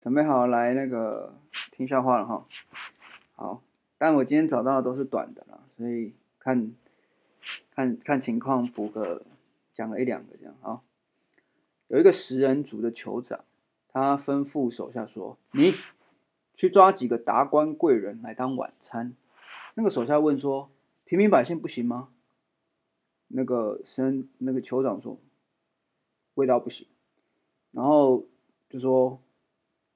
準備好來那個聽笑話了哈，好，但我今天找到的都是短的了，所以看看看情況補個講個一兩個這樣，好。有一個食人族的酋長，他吩咐手下說：“你去抓幾個達官貴人來當晚餐。”那個手下問說：“平民百姓不行嗎？”那個生那個酋長說：“味道不行。”然後就說。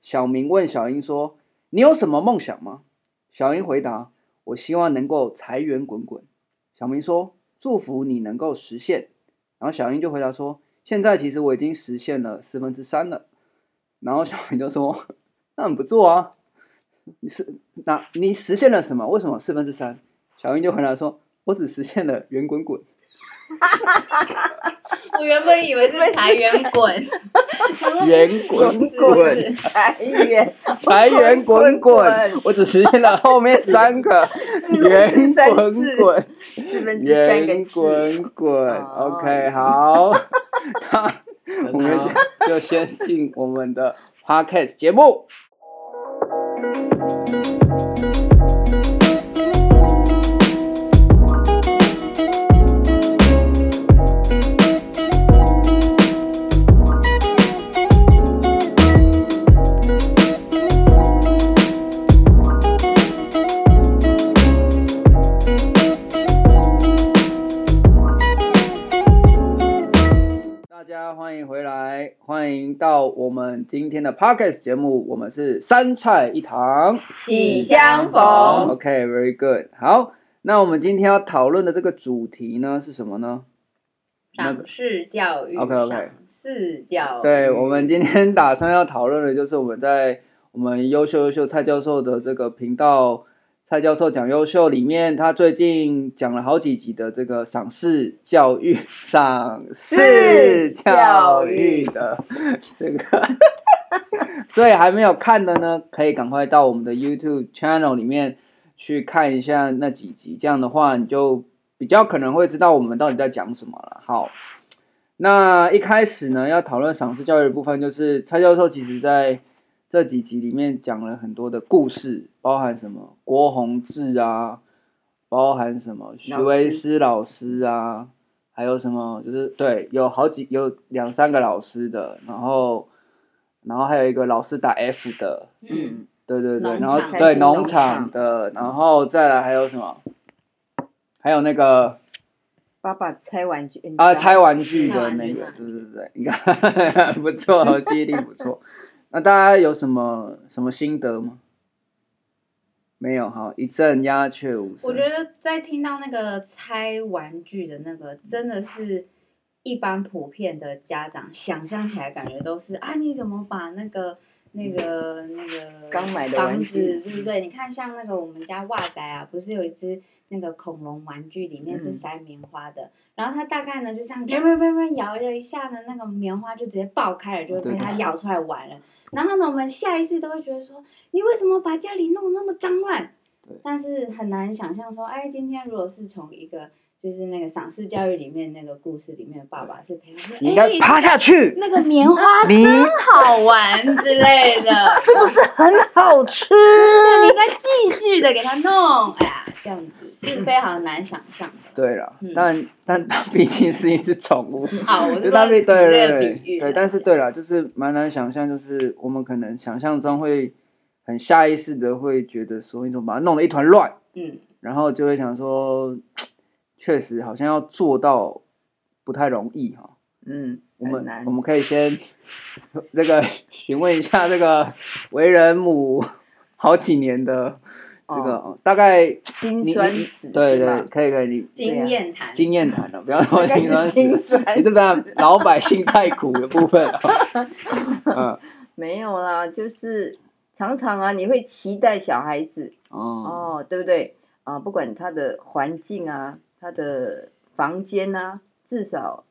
小明問小英說：“你有什麼夢想嗎？”小英回答：“我希望能夠財源滾滾。”小明說：“祝福你能夠實現。”然後小英就回答說：“現在其實我已經實現了四分之三了。”然後小明就說：“那很不錯啊！你是？那你實現了什麼？為什麼四分之三？”小英就回答說：“我只實現了源滾滾。”哈哈哈哈哈。我原本以為是財源滾滾，滾滾滾滾財源，財源滾滾。我只實現了後面三個，圓滾滾，四分之三個，圓滾滾。OK，好， 我們就，就先進我們的 Podcast 節目。歡迎到我們今天的 Podcast 節目，我們是三菜一湯，喜相逢。OK，very、okay, good。好，那我們今天要討論的這個主題呢，是什麼呢？賞識教育。OK，OK、那個。Okay, okay. 賞識教育。對，我們今天打算要討論的，就是我們在我們優秀優秀蔡教授的這個頻道。蔡教授講優秀裡面，他最近講了好幾集的這個賞識教育，賞識教育的這個，所以還沒有看的呢，可以趕快到我們的 YouTube channel 裡面去看一下那幾集，這樣的話你就比較可能會知道我們到底在講什麼了。好，那一開始呢，要討論賞識教育的部分，就是蔡教授其實，在這幾集裡面講了很多的故事，包含什麼郭宏志啊，包含什麼徐維斯老師啊，師還有什麼就是對，有好幾有兩三個老師的，然後然後還有一個老師打 F 的，嗯，對對對，然後對農場的、嗯，然後再來還有什麼，還有那個爸爸拆玩具、啊、玩、玩具啊，拆玩具的那個，對對對，你看呵呵呵不錯，記憶力不錯。 那大家有什麼什麼心得嗎？沒有，哈，一陣鴉雀無聲。我覺得在聽到那個拆玩具，的那個，真的是一般普遍的家長、嗯、想象起來，感覺都是啊，你怎麼把那個那個、嗯、那個房子，對不對？你看，像那個我們家襪仔啊，不是有一隻那個恐龍玩具，裡面是塞棉花的。嗯然後它大概呢，就這樣，嘣嘣嘣嘣，搖了一,一下呢，那個棉花就直接爆開了，就被它咬出來玩了。對對。然後呢，我們下一次都會覺得說，你為什麼把家裡弄那麼髒亂？但是很難想象說，哎，今天如果是從一個。就是那個賞識教育裡面那個故事裡面的爸爸是陪他，你該趴下去，那個棉花真好玩之類的，是不是很好吃？你應該繼續的給他弄，哎、啊、呀，這樣子是非常難想象對啦、嗯，但但畢竟是一隻寵物，好，我就當對對對，對，對，對，對，但是對啦，就是蠻難想象，就是我們可能想象中會很下意識的會覺得說，你怎麼把它弄得一團亂？嗯，然後就會想說。確實好像要做到不太容易哈。嗯，我們我們可以先 這個詢問一下這個為人母好幾年的這個、哦哦、大概辛酸史，對對，可以可以，經驗談經驗、啊、談了、啊、不要說辛酸史、啊，你這邊、啊、 老百姓太苦的部分、啊 嗯。沒有啦，就是常常啊，你會期待小孩子哦、嗯、哦，對不對啊？不管他的環境啊。他的房間呢、啊，至少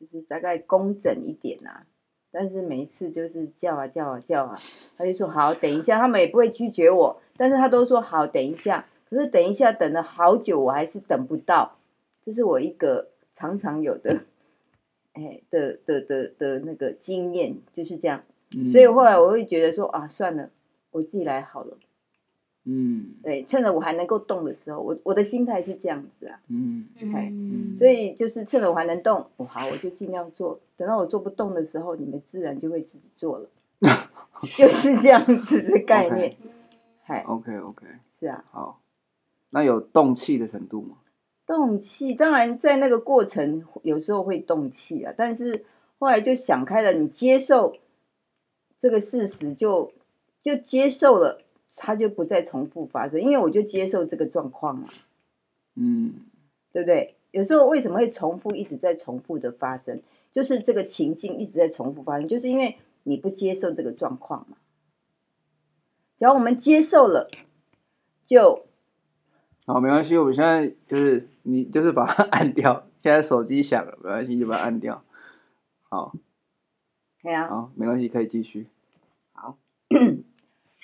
就是大概工整一點啊。但是每一次就是叫啊叫啊叫啊，他就說好等一下， 他們也不會拒絕我。但是他都說好等一下，可是等一下等了好久，我還是等不到。這、就是我一個常常有的，哎、嗯欸、的的的的那個經驗就是這樣、嗯。所以後來我會覺得說啊，算了，我自己來好了。嗯，對，趁着我還能夠動的時候，我我的心態是這樣子啊，嗯，對、okay，嗯。所以就是趁着我還能動，我好我就盡量做，等到我做不動的時候，你們自然就會自己做了， 就是這樣子的概念，哎 okay，嗯，OK OK，是啊，好，那有動氣的程度嗎？動氣，當然在那個過程有時候會動氣啊，但是後來就想開了，你接受這個事實就，就就接受了。它就不再重複發生，因為我就接受這個狀況嘛，嗯，對不對？有時候為什麼會重複，一直在重複的發生，就是這個情境一直在重複發生，就是因為你不接受這個狀況嘛。只要我們接受了，就，好，沒關係。我現在就是你，就是把它按掉。現在手機響了，沒關係，就把它按掉。好，可以啊。好，沒關係，可以繼續。好。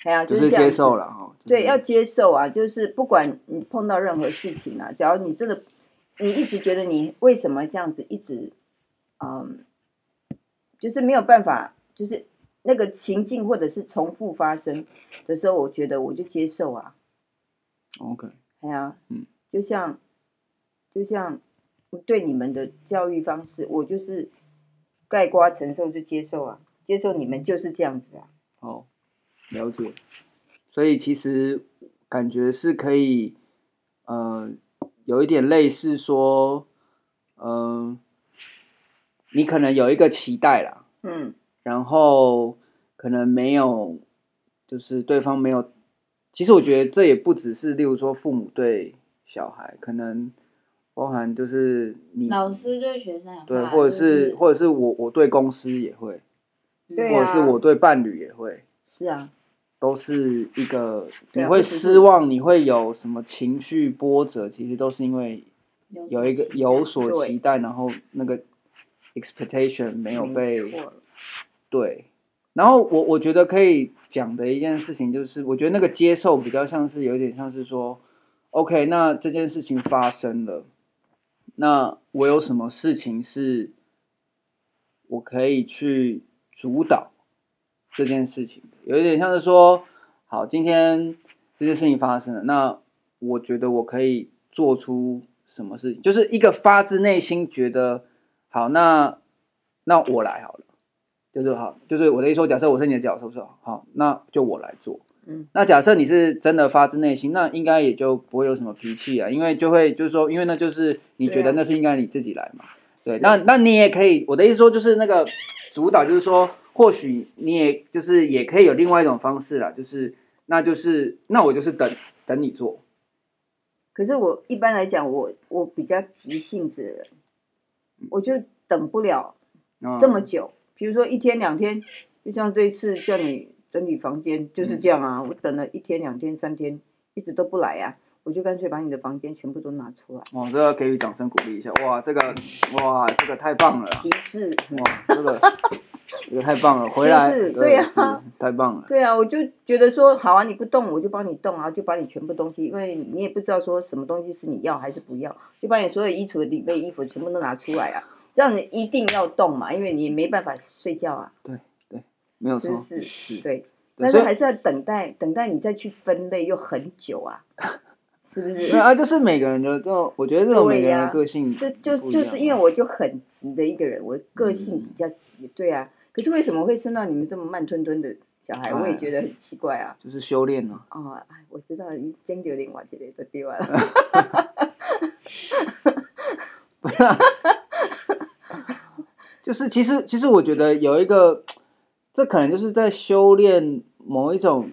哎呀、啊就是，就是接受了、就是、對，要接受啊，就是不管你碰到任何事情啊，假如你這個，你一直覺得你為什麼這樣子，一直嗯，就是沒有辦法，就是那個情境或者是重複發生的時候，我覺得我就接受啊。OK。係啊，嗯，就像就像對你們的教育方式，我就是概括承受就接受啊，接受你們就是這樣子啊。哦、oh.。了解，所以其實感覺是可以，呃，有一點類似說，嗯、呃，你可能有一個期待啦，嗯，然後可能沒有，就是對方沒有。其實我覺得這也不只是，例如說父母對小孩，可能包含就是你，老師對學生對，或者是、就是、或者是我我對公司也會對啊，或者是我對伴侶也會，是啊。都是一個，你會失望，你會有什麼情緒波折，其實都是因為有一個有所期待，然後那個 expectation 沒有被。對，然後我我覺得可以講的一件事情就是，我覺得那個接受比較像是有點像是說，OK，那這件事情發生了，那我有什麼事情是我可以去主導。這件事情有一點像是說，好，今天這件事情發生了，那我覺得我可以做出什麼事情，就是一個發自內心覺得好，那那我來好了，就是好，就是我的意思說，假設我是你的角色，是不是？好，那就我來做。嗯，那假設你是真的發自內心，那應該也就不會有什麼脾氣啊，因為就會就是說，因為那就是你覺得那是應該你自己來嘛。對啊，對，那那你也可以，我的意思說就是那個主導，就是說。或許你也就是也可以有另外一種方式啦，就是那就是那我就是等等你做。可是我一般來講，我我比較急性子的人，我就等不了這麼久。比、嗯、如說一天兩天，就像這一次叫你整理房間就是這樣啊，嗯、我等了一天兩天三天，一直都不來呀、啊，我就乾脆把你的房間全部都拿出來。哇，這個給予掌聲鼓勵一下，哇，這個哇，這個太棒了、啊，極致、嗯、哇，這個。 太棒了，回來、就是、是是對呀，太棒了。對啊，我就覺得說好啊，你不動，我就幫你動啊，然後就把你全部東西，因為你也不知道說什麼東西是你要還是不要，就把你所有衣櫥裡面的衣服全部都拿出來啊，這樣你一定要動嘛，因為你也沒辦法睡覺啊。對對，沒有錯，是、是、是，對、對、對，但是還是要等待，等待你再去分類又很久啊，是不是？啊，就是每個人的這種，我覺得這種每個人的個性、啊啊、就就就是因為我就很急的一個人，我個性比較急、嗯。對啊。可是為什麼會生到你們這麼慢吞吞的小孩？哎、我也覺得很奇怪啊！就是修煉呢。哦，我知道，你堅決有點瓦解都丟完了。 就是其實其實我覺得有一個，這可能就是在修煉某一種。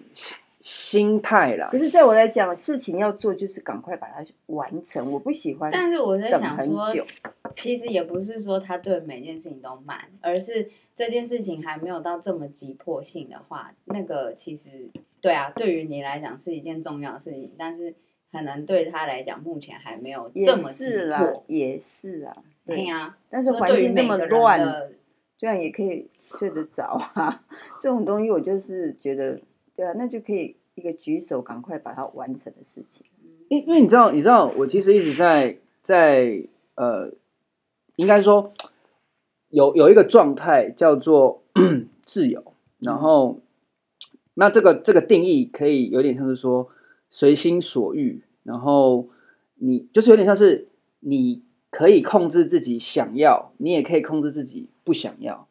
心態了，可是在我來講，事情要做就是趕快把它完成。我不喜歡，但是我在想很久，其實也不是說他對每件事情都慢，而是這件事情還沒有到這麼急迫性的話，那個其實對啊，對於你來講是一件重要的事情，但是可能對他來講目前還沒有這麼急迫，也是，也是啊，對啊，哎。但是環境這麼亂，這樣也可以睡得着啊， 這種東西我就是覺得。對啊，那就可以一個舉手，趕快把它完成的事情。因因為你知道，你知道，我其實一直在在呃，應該說有有一個狀態叫做 自由。然後，嗯，那這個這個定義可以有點像是說隨心所欲。然後你就是有點像是你可以控制自己想要，你也可以控制自己不想要。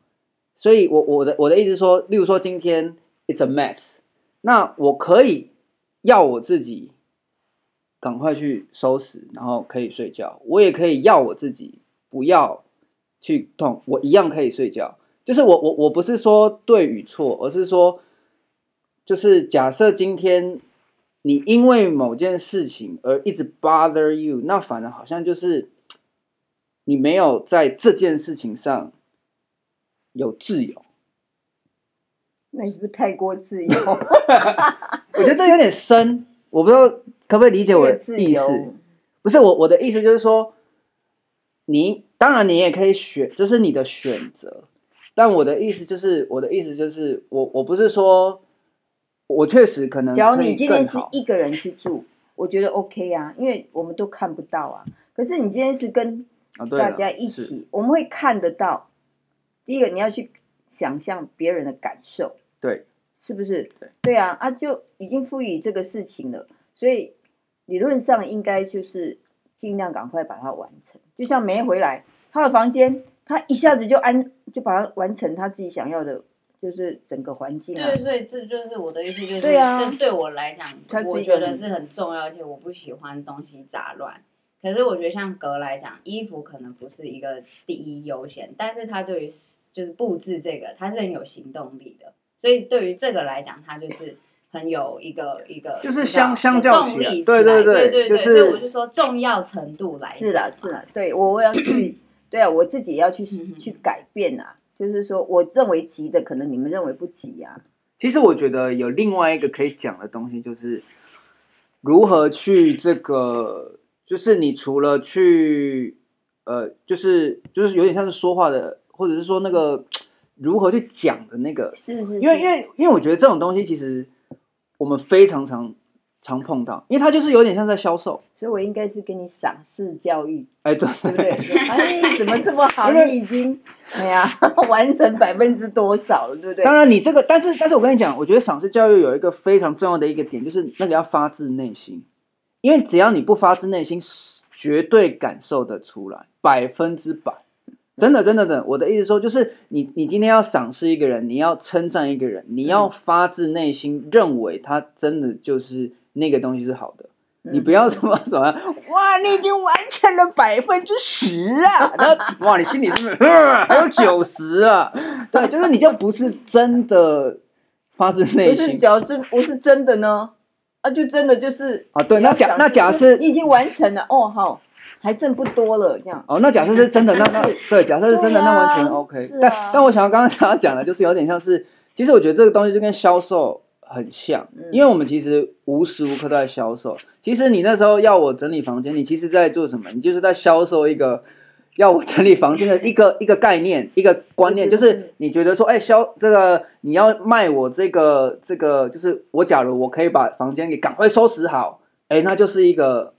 所以我，我我的我的意思說，例如說今天，it's a mess。那我可以要我自己趕快去收拾，然後可以睡覺。我也可以要我自己不要去痛，我一樣可以睡覺。就是我我我不是說對與錯，而是說，就是假設今天你因為某件事情而一直 bother you，那反而好像就是你沒有在這件事情上有自由。那你是不是太過自由？ 我覺得這有點深，我不知道可不可以理解我的意思。不是，我我的意思就是說，你，當然你也可以選，這是你的選擇。但我的意思就是，我的意思就是，我我不是說，我確實可能可。只要你今天是一個人去住，我覺得 OK 啊，因為我們都看不到啊。可是你今天是跟大家一起，啊、我們會看得到。第一個你要去。想象別人的感受，對，是不是？對，對啊，啊，就已經賦予這個事情了，所以理論上應該就是盡量趕快把它完成。就像沒回來，他的房間，他一下子就安，就把它完成他自己想要的，就是整個環境啊，對。對，所以這就是我的意思，就是對啊。對，對我來講，我覺得是很重要，而且我不喜歡東西雜亂。可是我覺得像格來講，衣服可能不是一個第一優先，但是他對於。就是佈置這個，他是很有行動力的，所以對於這個來講，他就是很有一個一個就是相相較起來，對對對對對，對、就是、對，所以我就說重要程度來是的、啊、是的、啊，對我我要去， 對啊，我自己要去去改變啊、嗯。就是說我認為急的，可能你們認為不急呀、啊。其實我覺得有另外一個可以講的東西，就是如何去這個，就是你除了去，呃，就是就是有點像是說話的。或者是說那個如何去講的那個，是是，是因，因為因為因為我覺得這種東西其實我們非常常常碰到，因為他就是有點像在銷售。所以我應該是給你賞識教育，對不對？哎，對對對。哎，怎麼這麼好？ 你已經哎呀，完成百分之多少了，對不對？當然，你這個，但是但是我跟你講，我覺得賞識教育有一個非常重要的一個點，就是那個要發自內心，因為只要你不發自內心，絕對感受得出來，百分之百。真的，真的真的，我的意思說，就是你，你今天要賞識一個人，你要稱讚一個人，你要發自內心認為他真的就是那個東西是好的，嗯、你不要說什麼，什麼哇，你已經完成了百分之十啊， 哇，你心裡 還有九十啊， 對，就是你就不是真的發自內心，只要真，我是真的呢，啊，就真的就是啊，對，那假，那假設，你已經完成了哦，好。還剩不多了，這樣。哦，那假設是真的，那那對，假設是真的，啊，那完全 OK，啊。但但我想要剛剛想要講的，就是有點像是，其實我覺得這個東西就跟銷售很像，嗯，因為我們其實無時無刻都在銷售。其實你那時候要我整理房間，你其實在做什麼？你就是在銷售一個要我整理房間的一個 一個概念，一個觀念， 就是你覺得說，哎，欸，銷這個你要賣我這個這個，就是我假如我可以把房間給趕快收拾好，哎，欸，那就是一個。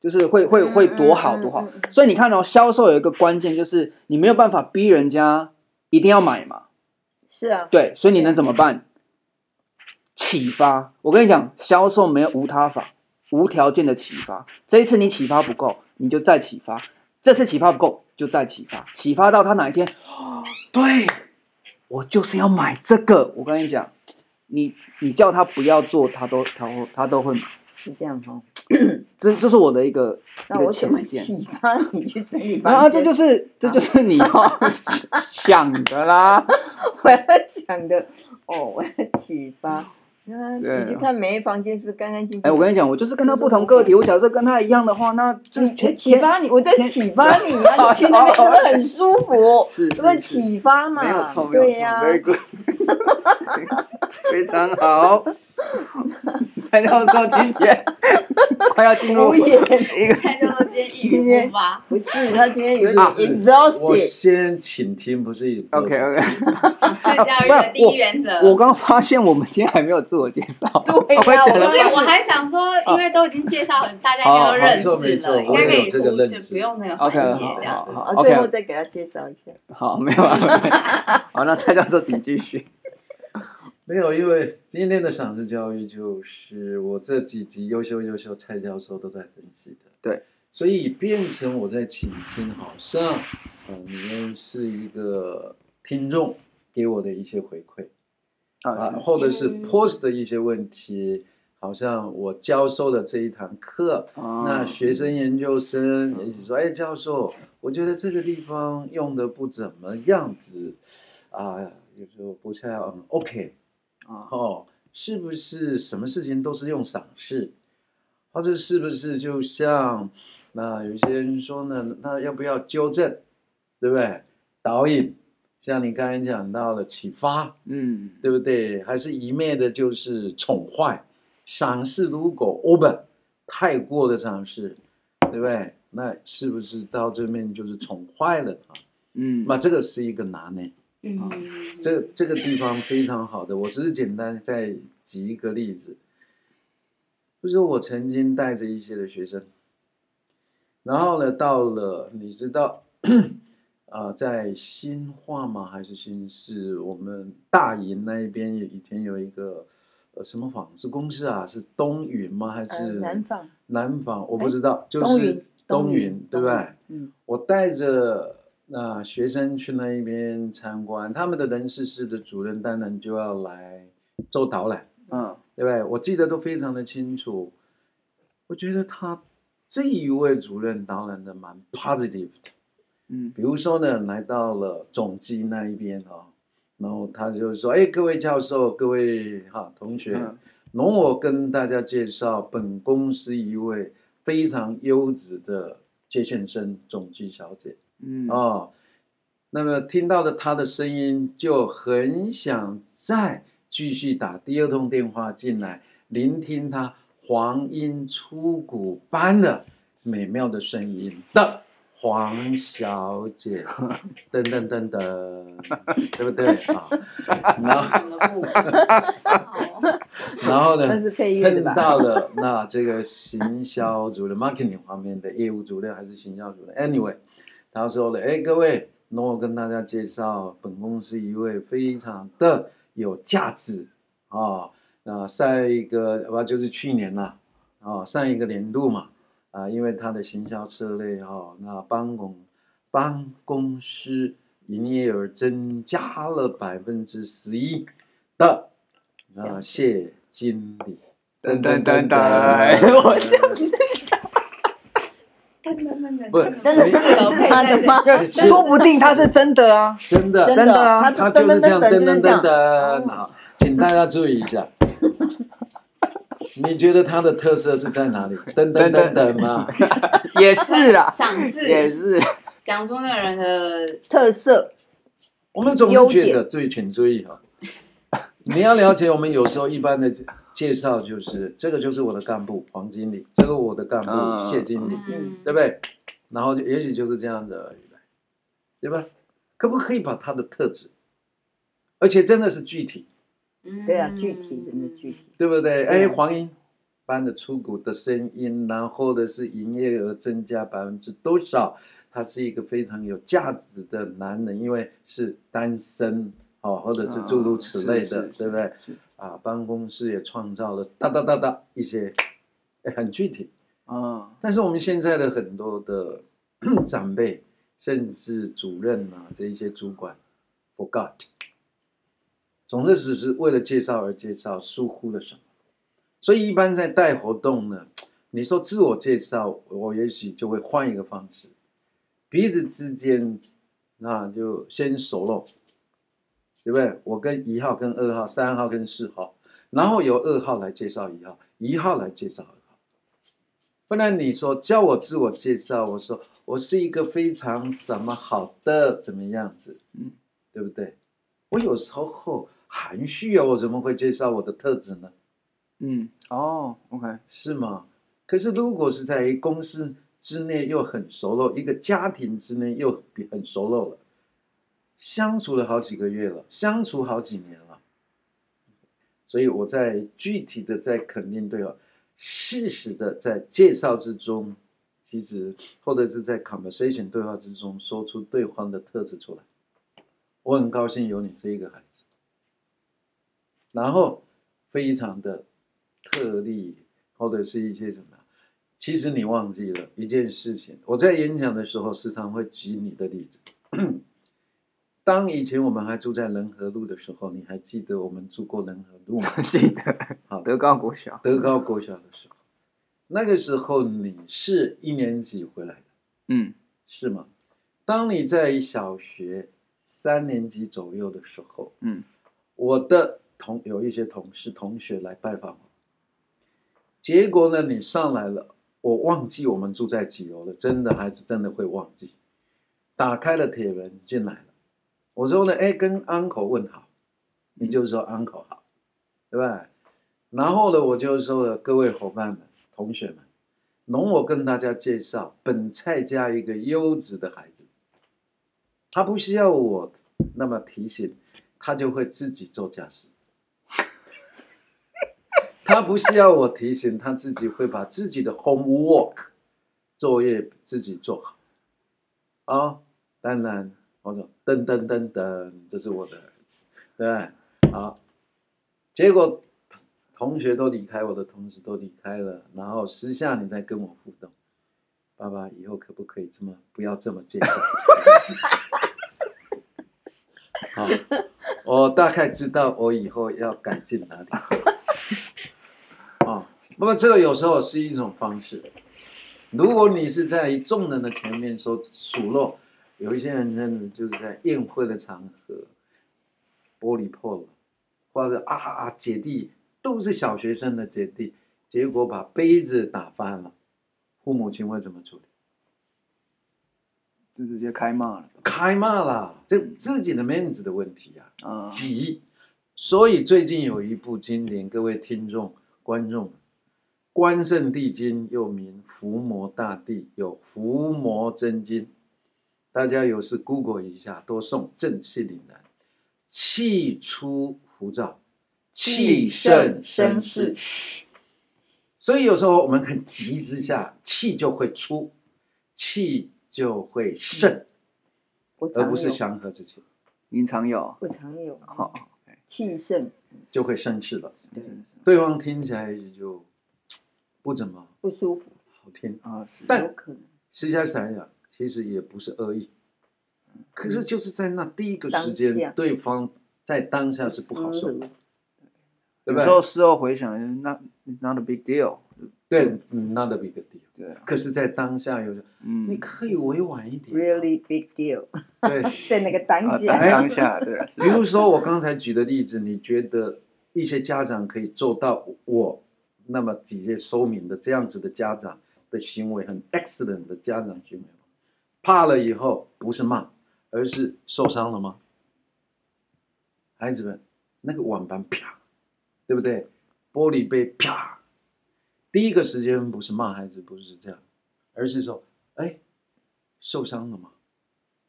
就是會會會多好多好、嗯嗯嗯嗯，所以你看哦，銷售有一個關鍵就是你沒有辦法逼人家一定要買嘛，是啊，對，所以你能怎麼辦？啟、嗯嗯、發，我跟你講，銷售沒有無他法，無條件的啟發。這一次你啟發不夠，你就再啟發；這次啟發不夠，就再啟發。啟發到他哪一天，哦、對我就是要買這個。我跟你講，你你叫他不要做，他都他他都會買。是這樣哦， 這這是我的一個，那我一個啟發你去然後、啊、這就是這就是你要、哦、 想的啦。我要想的哦，我要啟發。那你去看，每一房間是不是乾乾淨淨？哎，我跟你講，我就是跟他不同個體。不不不不我假設跟他一樣的話，那就是全啟、欸、發你，我在啟發你啊， 你去那邊覺得很舒服， 是吧？啟發嘛，對呀、啊，非常好。 蔡教授，今天，快要進入 我。我演一個。今天，不是他今天有點 exhausted，你知道。我先請聽，不是有。OK OK。不 是、啊，第一原則我，我剛發現我們今天還沒有自我介紹。 對、啊、我不 我還想說，因為都已經介紹， 啊、大家應該都認識了，應該可以有這個認識就不用那個環節 okay, 這樣子。OK o 好，好，好後最後、okay. 再給他介紹一下。好，沒有啊。Okay. 好，那蔡教授請繼續。沒有，因為今天的賞識教育就是我這幾集優秀優秀蔡教授都在分析的，對，所以變成我在傾聽，好像，呃、嗯，你們是一個聽眾給我的一些回饋，啊，啊啊或者是 post 的一些問題，好像我教授的這一堂課，啊、那學生研究生也許說、嗯，哎，教授，我覺得這個地方用的不怎麼樣子，啊，有時候不太嗯，OK。然後哦，是不是什麼事情都是用賞識？或者啊，是不是就像那有些人說呢？那要不要糾正？對不對？導演，像你剛才講到了啟發，嗯，對不對？還是一味的就是寵壞，賞識如果 over 太過的賞識，對不對？那是不是到這面就是寵壞了他？嗯，那這個是一個拿捏、欸。嗯、啊，這這個地方非常好的，我只是簡單再舉一個例子，就是我曾經帶着一些的學生，然後呢，到了你知道啊，在新化嗎？還是新市？是我們大營那一邊有，一天有一個、呃、什麼紡織公司啊，是東雲嗎？還是南紡、呃？南紡我不知道，就是東雲、東雲、東雲，對不對？嗯、我帶着。那、啊、學生去那一邊參觀，他們的人事室的主任當然就要來做導覽，嗯、啊，對不對？我記得都非常的清楚。我覺得他這一位主任導覽的蠻 positive 的，嗯，比如說呢，來到了總機那一邊哦，然後他就說：“哎，各位教授，各位哈同學，容、嗯、我跟大家介紹本公司一位非常優質的接線生總機小姐。”嗯、哦，那麼聽到了他的聲音，就很想再繼續打第二通電話進來，聆聽他黃鶯出穀般的美妙的聲音。的黃小姐，噔噔噔噔，對不對啊、哦？然後 然後呢？那碰到了那這個行銷主任 marketing 方面的業務主任，還是行銷主任？Anyway。他說了：“哎、欸，各位，那我跟大家介紹本公司一位非常的有價值啊。那、哦呃、上一個不、啊、就是去年了？啊、哦，上一個年度嘛。啊、呃，因為他的行銷策略，哦，那幫公幫公司營業額增加了百分之十一的啊謝經理。登登登登”等等等，噔、哎，我笑死。嗯嗯嗯嗯嗯嗯不是，真的是，這也、OK，是他的嗎？說不定他是真的啊！真的，真的啊！他真的，真的，真的，真的、就是這樣嗯。好，請大家注意一下。 你覺得他的特色是在哪裡？噔噔噔噔嘛。 也是啊啦，講 賞識也是。講中的人的特色 。我們總是覺得注意，請注意啊。你要了解，我們有時候一般的。介紹就是這個，就是我的幹部黃經理，這個我的幹部、啊、謝經理，對不對？嗯、然後也許就是這樣子而已，對吧？可不可以把他的特質，而且真的是具體。嗯、對啊，具體真的具體。對不對？對啊、哎，黃鶯般的出谷的聲音，然後的是營業額增加百分之多少？他是一個非常有價值的男人，因為是單身哦，或者是諸如此類的，哦、對不對？啊，辦公室也創造了噠噠噠噠一些、欸，很具體啊、嗯。但是我們現在的很多的長輩，甚至主任啊，這一些主管，forgot，總是只是為了介紹而介紹，疏忽了什麼。所以一般在帶活動呢，你說自我介紹，我也許就會換一個方式，彼此之間，那、啊、就先熟了。對不對？我跟一號跟二號、三號跟四號，然後由二號來介紹一號，一號來介紹二號。不然你說叫我自我介紹，我說我是一個非常什麼好的，怎麼樣子？嗯，對不對？我有時候含蓄啊，我怎麼會介紹我的特質呢？嗯，哦，OK，是嗎？可是如果是在公司之內又很熟絡，一個家庭之內又很熟絡了。相處了好幾個月了，相處好幾年了，所以我在具體的在肯定對話、適時的在介紹之中，其實或者是在 conversation 對話之中，說出對方的特質出來。我很高興有你這一個孩子，然後非常的特例，或者是一些什麼？其實你忘記了一件事情，我在演講的時候時常會舉你的例子。 當以前我們還住在仁和路的時候，你還記得我們住過仁和路嗎？ 記得。好，德高國小。德高國小的時候，嗯，那個時候你是一年級回來的，嗯，是嗎？當你在小學三年級左右的時候，嗯，我的同有一些同事同學來拜訪我，結果呢，你上來了，我忘記我們住在幾樓了，真的還是真的會忘記，打開了鐵門進來。我說呢，哎，跟 uncle 問好，你就說 uncle 好，對吧？然後呢，我就說了，各位夥伴們、同學們，容我跟大家介紹，本蔡家一個優質的孩子，他不需要我那麼提醒，他就會自己做家事。他不需要我提醒，他自己會把自己的 homework 作業自己做好。啊、哦，當然。我說：噔噔噔噔，這是我的兒子，對，好，結果同學都離開，我的同事都離開了，然後私下你在跟我互動。爸爸，以後可不可以這麼不要這麼介紹？ 好，我大概知道我以後要改進哪裡。哦，那麼這個有時候是一種方式。如果你是在眾人的前面說數落。有一些人真的就是在宴會的場合，玻璃破了，或者啊、啊啊姐弟都是小學生的姐弟，結果把杯子打翻了，父母親會怎麼處理？就直接開罵了，開罵了，這自己的面子的問題啊啊！急，所以最近有一部經典，各位聽眾觀眾，《關聖帝君》，又名《伏魔大帝》，有《伏魔真經》。大家有事 Google 一下，多誦正氣凜然。氣出浮躁，氣盛生事。所以有時候我們很急之下，氣就會出，氣就會盛，氣而不是祥和之氣我常有，不常有。常有哦、氣盛就會生事了，對。對方聽起來也就不怎麼不舒服，好聽啊，但，實際上。其實也不是惡意、嗯，可是就是在那第一個時間，對方在當下是不好受的，對，有時候事後回想 it's，not it's not a big deal 對。對，not a big deal。對、啊。可是，在當下，有時候、嗯，你可以委婉一點、啊。Really big deal。對， 在那個當下，啊當，欸、 當下對、啊啊。比如說我剛才舉的例子， 你覺得一些家長可以做到我那麼直接說明的這樣子的家長的行為，很 excellent 的家長行為。怕了以後不是罵，而是受傷了嗎？孩子們，那個碗板啪，對不對？玻璃杯啪，第一個時間不是罵孩子，不是這樣，而是說：哎，受傷了嗎？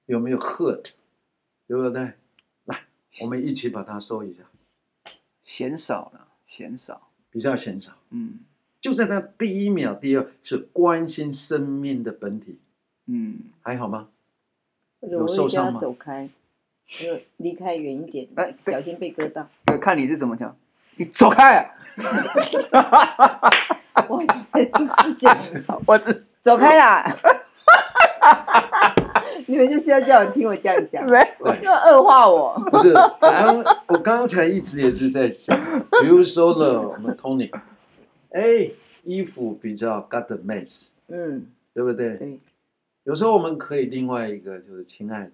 有沒有 hurt？對不對？來，我們一起把它收一下。嫌少了，嫌少，比較嫌少。嗯，就在那第一秒，第二是關心生命的本體。嗯，還好嗎？有受傷嗎？走開，呃，離 開遠一點，哎，小心被割到。看你是怎麼講，你走開、啊！我 我 哇塞 走開啦！ 你們就是要叫我聽我這樣講，要惡化我。 不是，剛我剛才一直也是在想比如說了我們 Tony 哎，衣服比較 got the mess 嗯，對不對？欸有時候我們可以另外一個就是親愛的，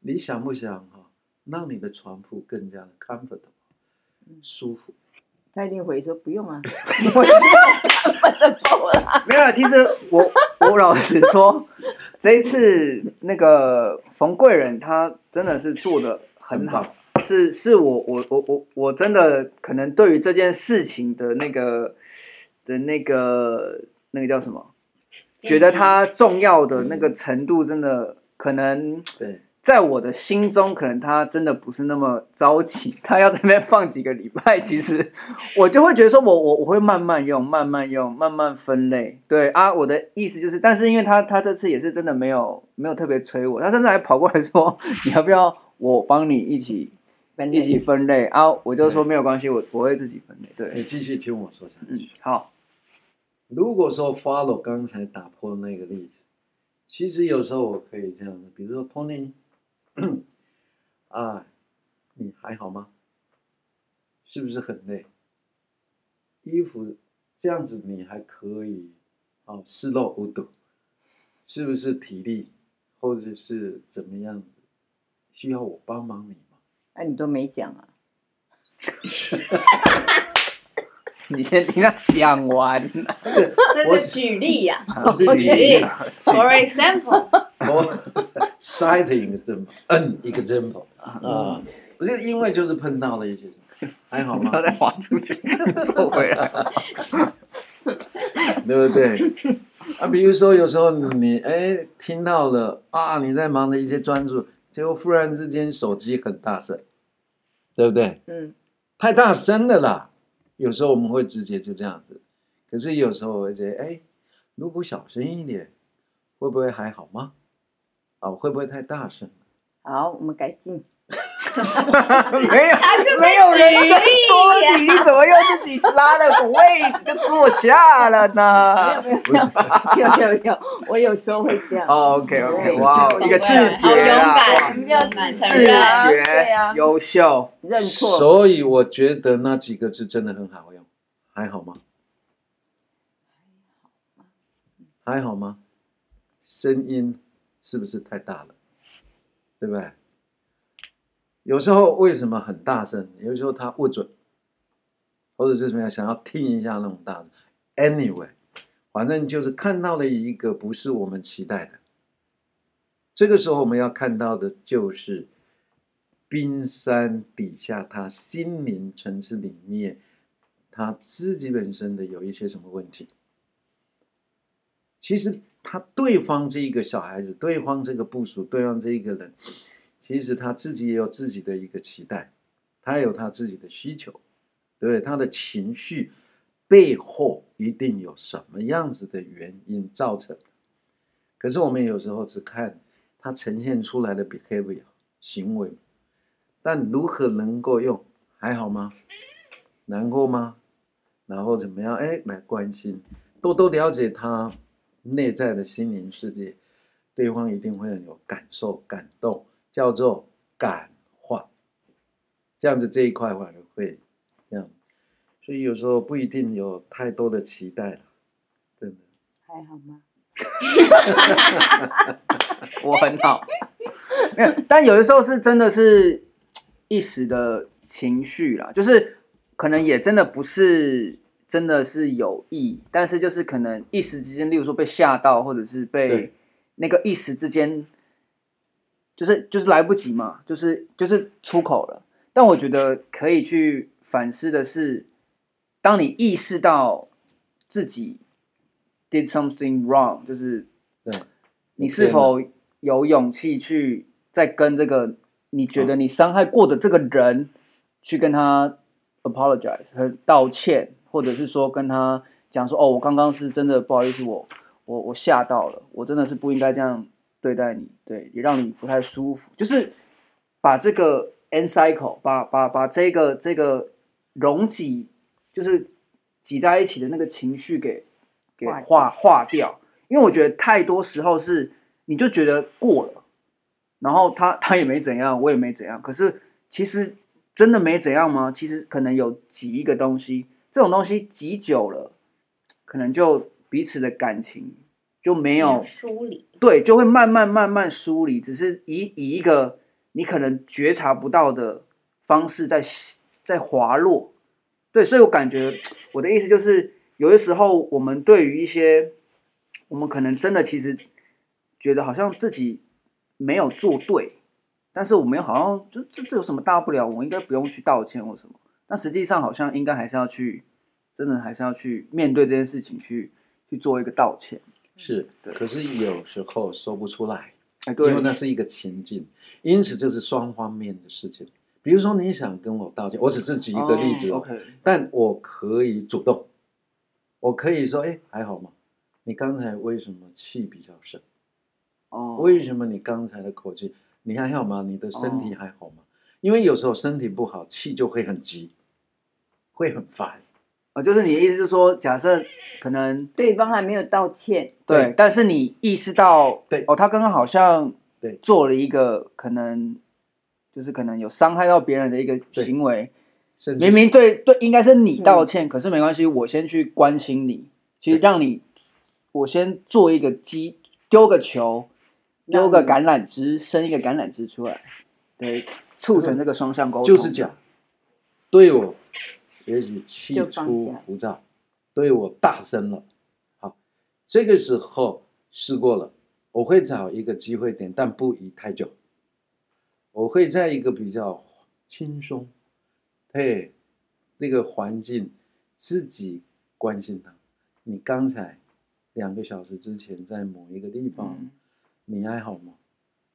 你想不想哈，讓你的床鋪更加的 comfortable，舒服？他一定回說不用啊， 沒有其實我我老實說，這一次那個馮貴人他真的是做得很好，是是我我我我我真的可能對於這件事情的那個的那個那個叫什麼？覺得他重要的那個程度，真的可能，在我的心中，可能他真的不是那麼着急。他要在那邊放幾個禮拜，其實我就會覺得說我，我我我會慢慢用，慢慢用，慢慢分類。對啊，我的意思就是，但是因為他他這次也是真的沒有沒有特別催我，他甚至還跑過來說，你要不要我幫你一起分 一起分類啊？我就說沒有關係，我我會自己分類。對，你繼續聽我說下去。嗯，好。如果說 follow 剛才打破那個例子，其實有時候我可以這樣子，比如說 Tony，啊，你還好嗎？是不是很累？衣服這樣子你還可以啊，視若無睹，是不是體力或者是怎麼樣？需要我幫忙你嗎？哎、啊，你都沒講啊。 你先聽他講完， 這是舉例呀、啊，我舉例、啊啊、，for example，我甩着一個字，嗯，一個 e 啊， 不是因為就是碰到了一些什麼，還好嗎？再劃出去，後悔了，對不對？啊，比如說有時候你哎聽到了啊，你在忙的一些專注，結果忽然之間手機很大聲，對不對？嗯，太大聲了啦。有時候我們會直接就這樣子，可是有時候我會覺得，哎，如果小聲一點，會不會還好嗎？啊，會不會太大聲？好，我們改進。 沒有，沒有人說你， 你怎麼又自己拉了個位置就坐下了呢？有 有有，沒有沒有沒有 我有時候會這樣。Oh, OK OK，哇，哦，一個自覺啊！我們要自覺，自覺，優 秀、啊。認錯。所以我覺得那幾個字真的很好用，還好嗎？還好嗎？聲音是不是太大了？對不對？有時候為什麼很大聲？有時候他不准，或者是什麼樣，想要聽一下那種大聲。Anyway，反正就是看到了一個不是我們期待的。這個時候我們要看到的就是冰山底下他心靈層次裡面他自己本身的有一些什麼問題。其實他對方這一個小孩子，對方這個部署，對方這一個人。其實他自己也有自己的一個期待，他有他自己的需求，對不對？他的情緒背後一定有什麼樣子的原因造成的。可是我們有時候只看他呈現出來的 behavior 行為，但如何能夠用還好嗎？難過嗎？然後怎麼樣？哎，來關心，多多了解他內在的心靈世界，對方一定會很有感受、感動。叫做感化。這樣子這一塊會會這樣，所以有時候不一定有太多的期待了真的。還好嗎？ 我很好，但有的時候是真的是一時的情緒啦，就是可能也真的不是真的是有意，但是就是可能一時之間，例如說被嚇到，或者是被那個一時之間。就是就是來不及嘛，就是就是出口了。但我覺得可以去反思的是，當你意識到自己 did something wrong，就是，對，你是否有勇氣去再跟這個你覺得你傷害過的這個人去跟他 apologize 和道歉，或者是說跟他講說，哦，我剛剛是真的不好意思，我我我嚇到了，我真的是不應該這樣。對待你，對，也讓你不太舒服，就是把這個 encycle，把把把這個這個容擠，就是擠在一起的那個情緒給給化化掉，因為我覺得太多時候是你就覺得過了，然後他他也沒怎樣，我也沒怎樣，可是其實真的沒怎樣嗎？其實可能有擠一個東西，這種東西擠久了，可能就彼此的感情。就沒有，沒有梳理，對，就會慢慢慢慢梳理，只是以以一個你可能覺察不到的方式在在滑落，對，所以我感覺我的意思就是，有的時候我們對於一些我們可能真的其實覺得好像自己沒有做對，但是我們又好像這這這有什麼大不了，我應該不用去道歉或什麼，但實際上好像應該還是要去真的還是要去面對這件事情去，去去做一個道歉。是，可是有時候說不出來，因為那是一個情境，因此這是雙方面的事情。比如說，你想跟我道歉，我只是舉一個例子，Oh, okay. 但我可以主動，我可以說，哎、欸，還好嗎？你剛才為什麼氣比較深？哦、oh.，為什麼你剛才的口氣？你還好嗎？你的身體還好嗎？Oh. 因為有時候身體不好，氣就會很急，會很煩。就是你的意思是說，假設可能對方還沒有道歉對，對，但是你意識到，對哦，他剛剛好像對做了一個可能就是可能有傷害到別人的一個行為，是明明對對，應該是你道歉，嗯、可是沒關係，我先去關心你，其實讓你我先做一個雞丟個球，丟個橄欖枝，伸一個橄欖枝出來，對，促成這個雙向溝通這樣，就是講，對哦。也許氣出不躁，對我大聲了。好，這個時候試過了，我會找一個機會點，但不宜太久。我會在一個比較輕鬆，對、嗯，配那個環境，自己關心他。你剛才兩個小時之前在某一個地方、嗯，你還好嗎？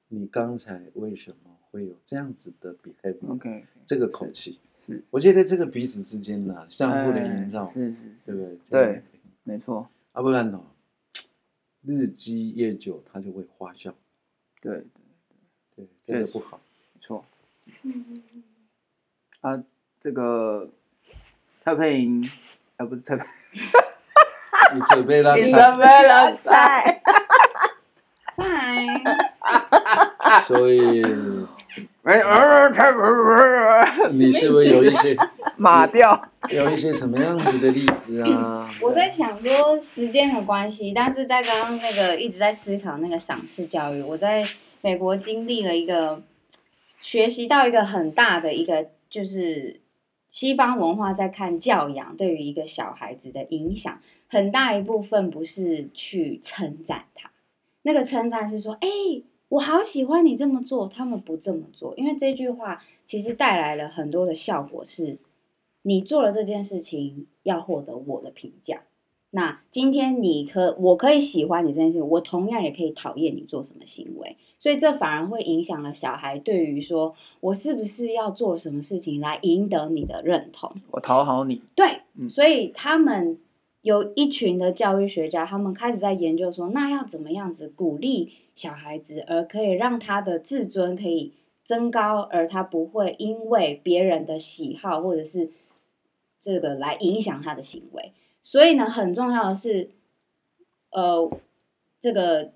你剛才為什麼會有這樣子的脾氣、嗯？這個口氣。嗯嗯我覺得這個彼此之間呢、啊，相互的營造、欸，是是是，對，對，對，沒錯。阿不蘭儂，日積月久，他就會發酵。對，對，這個不好。沒錯。啊，這個蔡配音，啊、呃、不是蔡配哈哈哈哈哈哈哈哈！彩排，彩所以。哎、欸、呃、呃、呃、呃、呃、呃、呃、呃，你是不是有一些、啊、馬調？有一些什麼樣子的例子啊？ 我在想說時間的關係，但是在剛剛那個一直在思考那個賞識教育。我在美國經歷了一個，學習到一個很大的一個，就是西方文化在看教養對於一個小孩子的影響，很大一部分不是去稱讚他，那個稱讚是說，哎、欸。我好喜歡你這麼做，他們不這麼做，因為這句話其實帶來了很多的效果是，是你做了這件事情要獲得我的評價。那今天你可我可以喜歡你這件事情，我同樣也可以討厭你做什麼行為，所以這反而會影響了小孩對於說我是不是要做什麼事情來贏得你的認同，我討好你，對，嗯、所以他們。有一群的教育學家，他們開始在研究說，那要怎麼樣子鼓勵小孩子，而可以讓他的自尊可以增高，而他不會因為別人的喜好或者是這個來影響他的行為。所以呢，很重要的是，呃，這個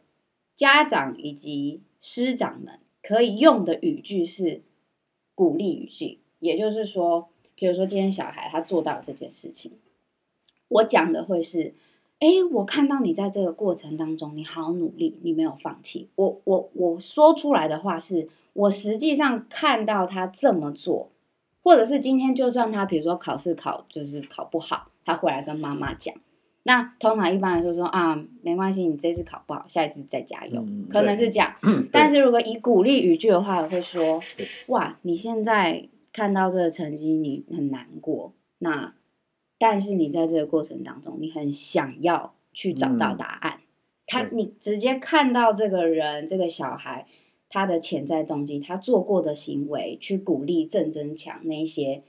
家長以及師長們可以用的語句是鼓勵語句，也就是說，比如說今天小孩他做到這件事情。我講的會是，哎、欸，我看到你在這個過程當中，你好努力，你沒有放棄。我我我說出來的話是，我實際上看到他這麼做，或者是今天就算他比如說考試考就是考不好，他回來跟媽媽講，那通常一般來說說啊，沒關係，你這次考不好，下一次再加油，嗯、可能是這樣、嗯。但是如果以鼓勵語句的話，我會說，哇，你現在看到這個成績，你很難過，那。但是你在這個過程當中，你很想要去找到答案。嗯、他，你直接看到這個人、這個小孩，他的潛在動機，他做過的行為，去鼓勵正增強那一些，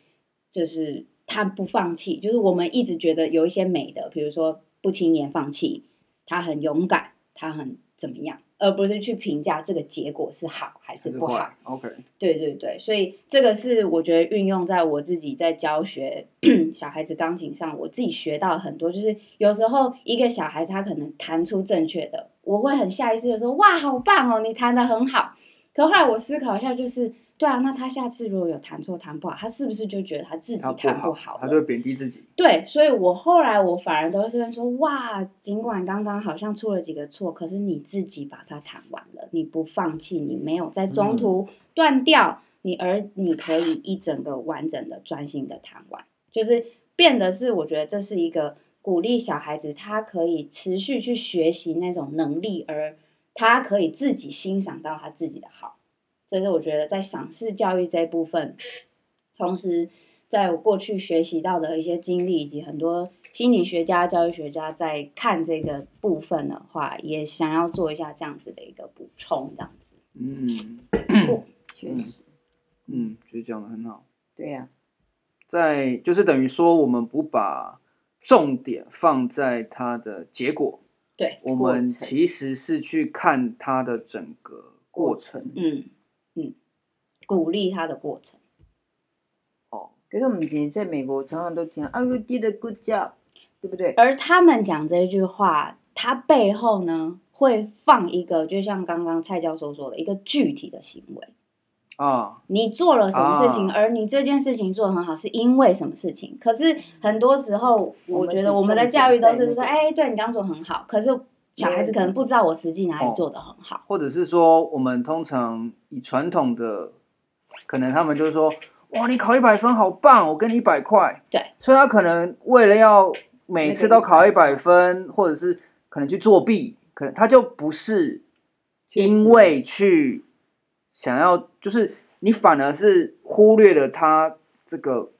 就是他不放棄，就是我們一直覺得有一些美的，比如說不輕言放棄，他很勇敢，他很怎麼樣？而不是去評價這個結果是好還是不好。OK。對對對，所以這個是我覺得運用在我自己在教學小孩子鋼琴上，我自己學到很多。就是有時候一個小孩子他可能彈出正確的，我會很下意識的說：“哇，好棒哦，你彈得很好。”可後來我思考一下，就是。對啊，那他下次如果有彈錯彈不好，他是不是就覺得他自己彈不好，不好？他就貶低自己。對，所以我後來我反而都是跟他說說，哇，儘管剛剛好像出了幾個錯，可是你自己把它彈完了，你不放棄，你沒有在中途斷掉，嗯、你而你可以一整個完整的專心的彈完，就是變得是，我覺得這是一個鼓勵小孩子他可以持續去學習那種能力，而他可以自己欣賞到他自己的好。這是我覺得在賞識教育這一部分，同時在我過去學習到的一些經歷，以及很多心理學家、教育學家在看這個部分的話，也想要做一下這樣子的一個補充，這樣子。嗯。嗯 嗯，覺得講得很好。對呀、啊。在就是等於說，我們不把重點放在它的結果，對，我們其實是去看它的整個過程。過程嗯。鼓勵他的過程。哦，可是我們今天在美國常常都講 “I did a good job”，對不對？而他們講這句話，他背後呢會放一個，就像剛剛蔡教授說的一個具體的行為啊，你做了什麼事情，啊、而你這件事情做得很好是因為什麼事情？可是很多時候，我覺得我們的教育都是說：“嗯、哎，對你剛做很好。”可是小孩子可能不知道我實際哪裡做得很好、嗯哦，或者是說我們通常以傳統的。可能他們就是說，哇，你考一百分好棒，我給你一百塊。對，所以他可能為了要每次都考一百分，那個，或者是可能去作弊，可能他就不是因為去想要，就是你反而是忽略了他這個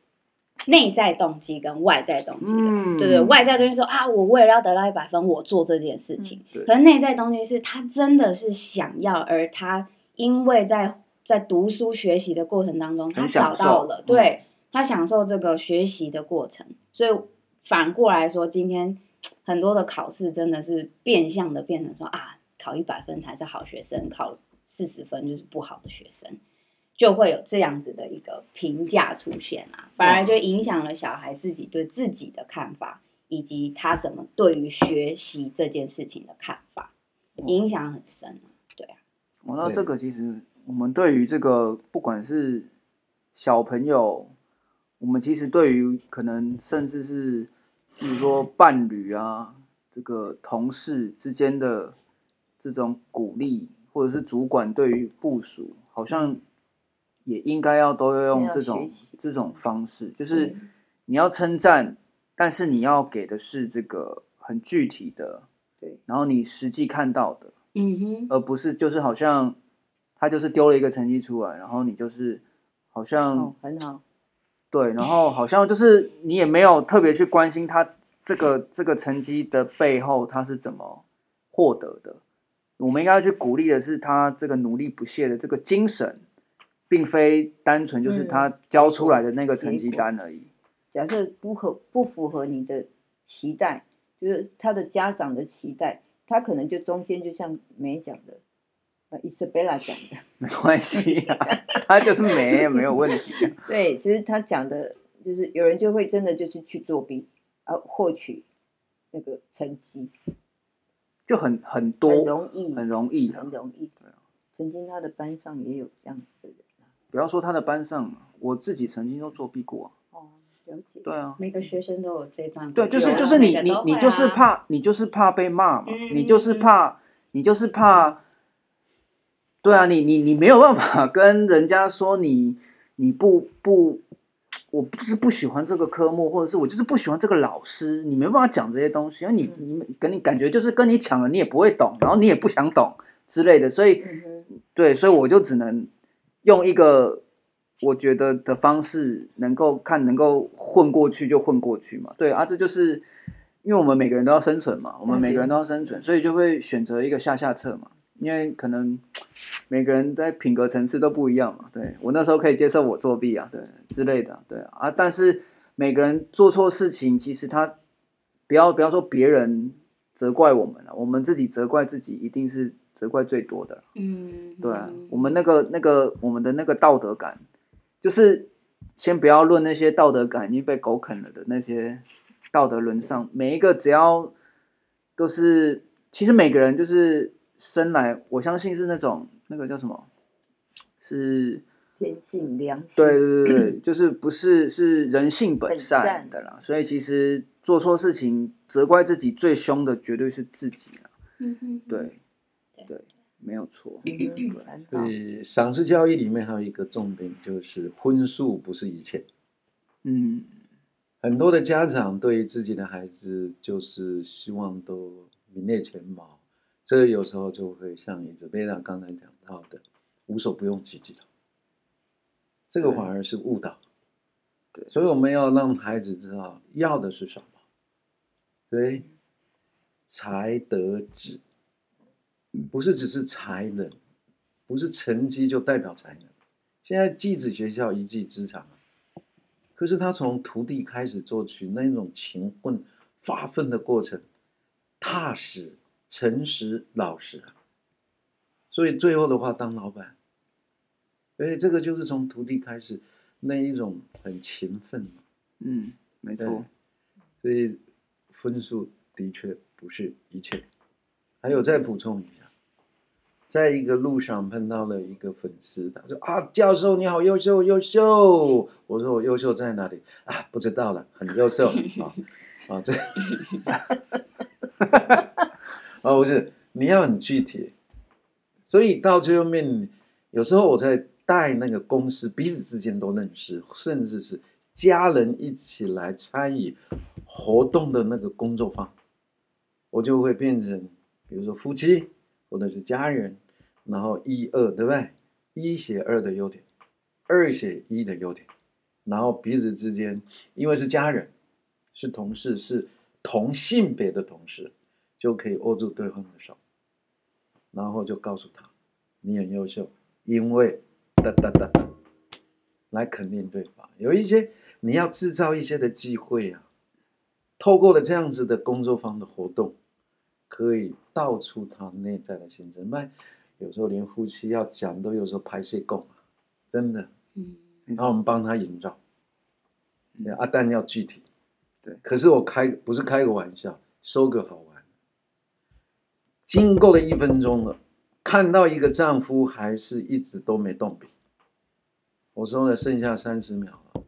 內在動機跟外在動機，嗯，對對。外在就是說啊，我為了要得到一百分，我做這件事情。嗯、對，可是內在動機是他真的是想要，而他因為在。在讀書學習的過程當中，他找到了，對、嗯、他享受這個學習的過程。所以反過來說，今天很多的考試真的是變相的變成說啊，考一百分才是好學生，考四十分就是不好的學生，就會有這樣子的一個評價出現啊，反而就影響了小孩自己對自己的看法，以及他怎麼對於學習這件事情的看法，影響很深啊。對啊，我那這個其實。我們對於這個，不管是小朋友，我們其實對於可能，甚至是比如說伴侶啊，這個同事之間的這種鼓勵，或者是主管對於部屬，好像也應該要都要用這種這種方式，就是你要稱讚、嗯，但是你要給的是這個很具體的，對，然後你實際看到的，嗯哼，而不是就是好像。他就是丟了一個成績出來，然後你就是好像、哦、很好，對，然後好像就是你也沒有特別去關心他這個這個成績的背後他是怎麼獲得的。我們應該要去鼓勵的是他這個努力不懈的這個精神，並非單純就是他交出來的那個成績單而已。嗯、假設不合不符合你的期待，就是他的家長的期待，他可能就中間就像美講的。啊、Isabella 講的沒關係呀、啊，他就是沒 沒有問題、啊。對，其、就、實、是、他講的就是有人就會真的就是去作弊而獲、啊、取那個成績，就很很多，很容易，很容易，很容易。啊、曾經他的班上也有這樣子的人、啊。不要說他的班上，我自己曾經都作弊過。哦，了解。對啊，每個學生都有這段。對，就是就是你、啊、你你就是怕你就是怕被罵嘛，你就是怕你就是怕。嗯對啊，你你你沒有辦法跟人家說你你不不，我不是不喜歡這個科目，或者是我就是不喜歡這個老師，你沒辦法講這些東西，因為你你跟你感覺就是跟你講了，你也不會懂，然後你也不想懂之類的，所以對，所以我就只能用一個我覺得的方式，能夠看能夠混過去就混過去嘛。對啊，這就是因為我們每個人都要生存嘛，我們每個人都要生存，所以就會選擇一個下下策嘛。因為可能每個人在品格層次都不一樣嘛。對，我那時候可以接受我作弊啊，對之類的、啊，對啊，啊。但是每個人做錯事情，其實他不要不要說別人責怪我們了、啊，我們自己責怪自己一定是責怪最多的、啊。嗯，對、啊，我們那個那個我們的那個道德感，就是先不要論那些道德感已經被狗啃了的那些道德淪喪，每一個只要都是其實每個人就是。生來，我相信是那種那個叫什麼，是天性良善。對對對 就是不是是人性本善的啦善。所以其實做錯事情，責怪自己最兇的絕對是自己了。嗯，嗯對對，對，對，沒有錯、嗯。所以賞識教育裡面還有一個重點，就是分數不是一切。嗯，很多的家長對於自己的孩子就是希望都名列前茅。所以有時候就會像一直貝拉剛才講到的，無所不用其極，這個反而是誤導。對，所以我們要讓孩子知道要的是什麼，所以才德智，不是只是才能，不是成績就代表才能。現在技職學校一技之長，可是他從徒弟開始做起那種勤奮、發憤的過程，踏實。誠實老實啊，所以最後的話當老闆，所以這個就是從徒弟開始那一種很勤奮嗯，沒錯。所以分數的確不是一切。還有再補充一下，在一個路上碰到了一個粉絲，他說：“啊，教授你好優，優秀優秀。”我說：“我優秀在哪裡？”啊，不知道了，很優秀啊啊這。 啊、哦，不是，你要很具體，所以到最後面，有時候我在帶那個公司，彼此之間都認識，甚至是家人一起來參與活動的那個工作坊，我就會變成，比如說夫妻或者是家人，然後一、二，對不對？一寫二的優點，二寫一的優點，然後彼此之間，因為是家人，是同事，是同性別的同事。就可以握住對方的手，然後就告訴他：“你很優秀，因為噠噠噠，來肯定對方。”有一些你要制造一些的機會啊，透過了這樣子的工作坊的活動，可以道出他內在的心聲。那有時候連夫妻要講，都有時候拍泄夠真的。嗯，然後我們幫他營造。啊，但要具體。對。可是我開不是開個玩笑，說個好玩。經過了一分鐘了，看到一個丈夫還是一直都沒動筆。我說了：“剩下三十秒了，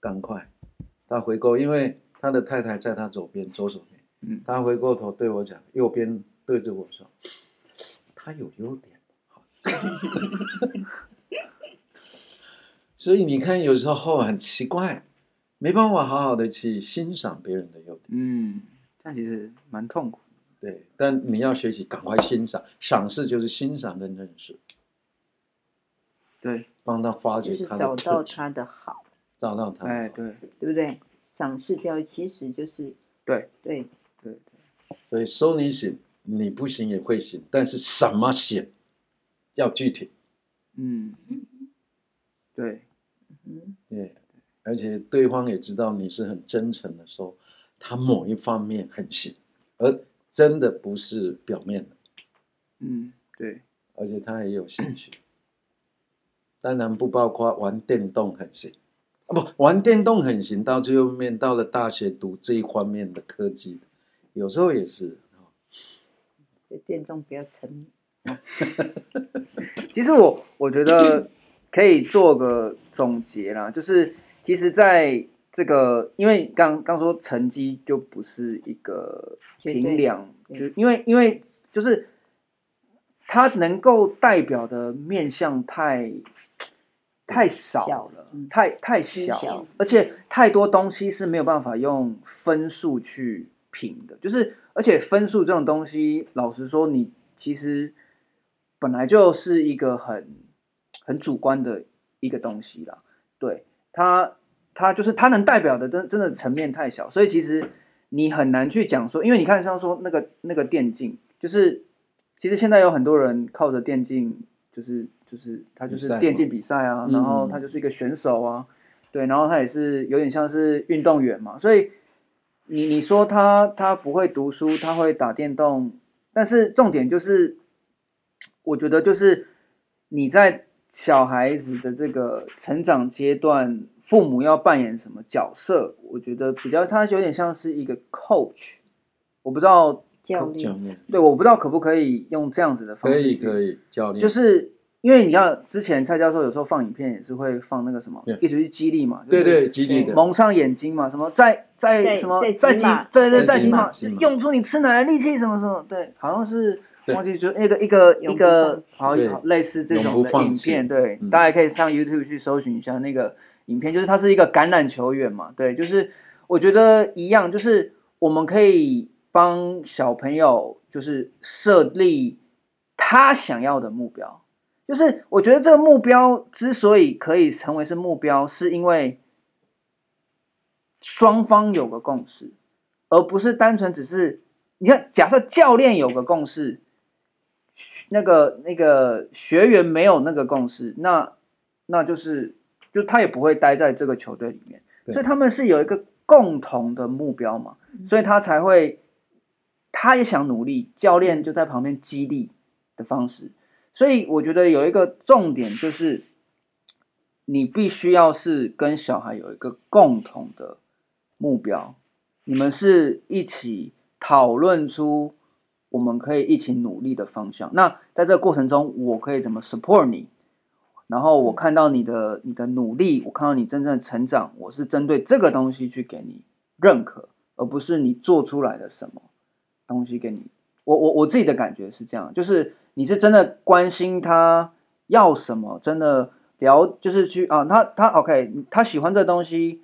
趕快！”他回過，因為他的太太在他左邊，左手邊。他回過頭對我講，右邊對着我說：“嗯、他有優點。 ” 所以你看，有時候很奇怪，沒辦法好好的去欣賞別人的優點。嗯，這樣其實蠻痛苦。對，但你要學習，趕快欣賞、賞識就是賞，就是欣賞跟認識。對，幫他發掘，找到他的好，找到他的好。哎、欸，對，對不對？賞識教育其實就是對對對，對，對。所以，說你行，你不行也會行，但是什麼行，要具體。嗯，對，嗯，對。而且對方也知道你是很真誠的時候，他某一方面很行，而。真的不是表面的，嗯，對，而且他也有興趣，當然不包括玩電動很行，哦，不，玩電動很行，到最後面到了大學讀這一方面的科技，有時候也是，這電動比較沉。 其實我我覺得可以做個總結啦，就是其實，在。這個，因為剛剛說成績就不是一個評量，就因為因為就是它能夠代表的面向太太少了，太太小，而且太多東西是沒有辦法用分數去評的，就是而且分數這種東西，老實說，你其實本來就是一個很很主觀的一個東西啦，對它。他就是他能代表的，真真的層面太小，所以其實你很難去講說，因為你看，像說那個那個電競，就是其實現在有很多人靠着電競，就是就是他就是電競比賽啊，賽然後他就是一個選手啊嗯嗯，對，然後他也是有點像是運動員嘛，所以你你說他他不會讀書，他會打電動，但是重點就是，我覺得就是你在。小孩子的這個成長階段，父母要扮演什麼角色？我覺得比較，他有點像是一個 coach，我不知道教練。對，我不知道可不可以用這樣子的方式。可以，可以，教練。就是因為你看，之前蔡教授有時候放影片也是會放那個什麼，Yeah. 一起去激勵嘛，就是。對對，激勵的、嗯、蒙上眼睛嘛，什麼在在對什麼在騎在在在騎馬，騎馬，騎馬，用出你吃奶的力氣什麼什麼，對，好像是。忘記就那個一個一個，好類似這種的影片。對，對，大家可以上 YouTube 去搜尋一下那個影片。嗯、就是他是一個橄欖球員嘛，對，就是我覺得一樣，就是我們可以幫小朋友就是設立他想要的目標，就是我覺得這個目標之所以可以成為是目標，是因為雙方有個共識，而不是單純只是你看，假設教練有個共識。那個那個學員沒有那個共識，那那就是就他也不會待在這個球隊裡面，所以他們是有一個共同的目標嘛、嗯，所以他才會，他也想努力，教練就在旁邊激勵的方式，所以我覺得有一個重點就是，你必須要是跟小孩有一個共同的目標，你們是一起討論出。我們可以一起努力的方向。那在這個過程中，我可以怎麼 support 你？然後我看到你的你的努力，我看到你真正的成長，我是針對這個東西去給你認可，而不是你做出來的什麼東西給你。我我我自己的感覺是這樣，就是你是真的關心他要什麼，真的聊就是去啊，他他 OK，他喜歡這個東西，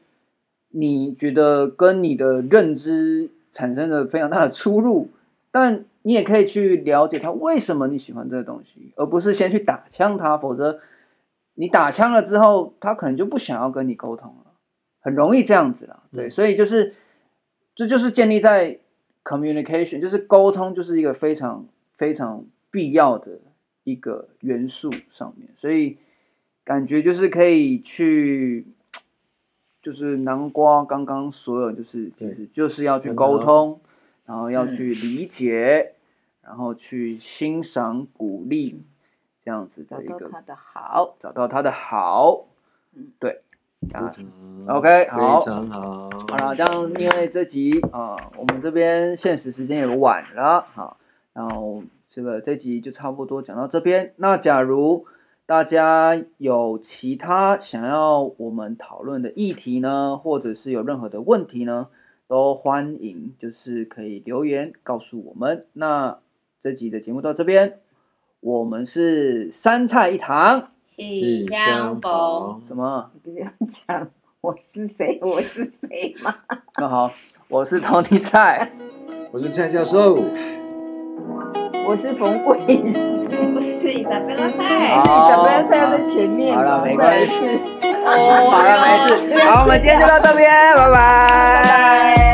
你覺得跟你的認知產生了非常大的出入。但你也可以去了解他為什麼你喜歡這個東西，而不是先去打槍他。否則你打槍了之後，他可能就不想要跟你溝通了，很容易這樣子了。對，嗯，所以就是這就是建立在 communication，就是溝通，就是一個非常非常必要的一個元素上面。所以感覺就是可以去，就是南瓜剛剛所有就是其實就是要去溝通。然後要去理解，嗯、然後去欣賞、鼓勵、嗯，這樣子的一個找到他的好，找到他的好，嗯、對，OK，好，非常好。好了，嗯，這樣因為這集啊，我們這邊現實時間也晚了，好，然後這個這集就差不多講到這邊。那假如大家有其他想要我們討論的議題呢，或者是有任何的問題呢？都歡迎，就是可以留言告訴我們。那這集的節目到這邊，我們是三菜一湯志相逢。什麼？不要講我是誰，我是誰嗎？ 那好，我是 Tony 蔡，我是蔡教授，我是馮偉，我是伊莎貝拉蔡。伊莎貝拉蔡要 在前面。好了，沒關係。 好了，沒事。好，我們今天就到這邊，拜拜拜。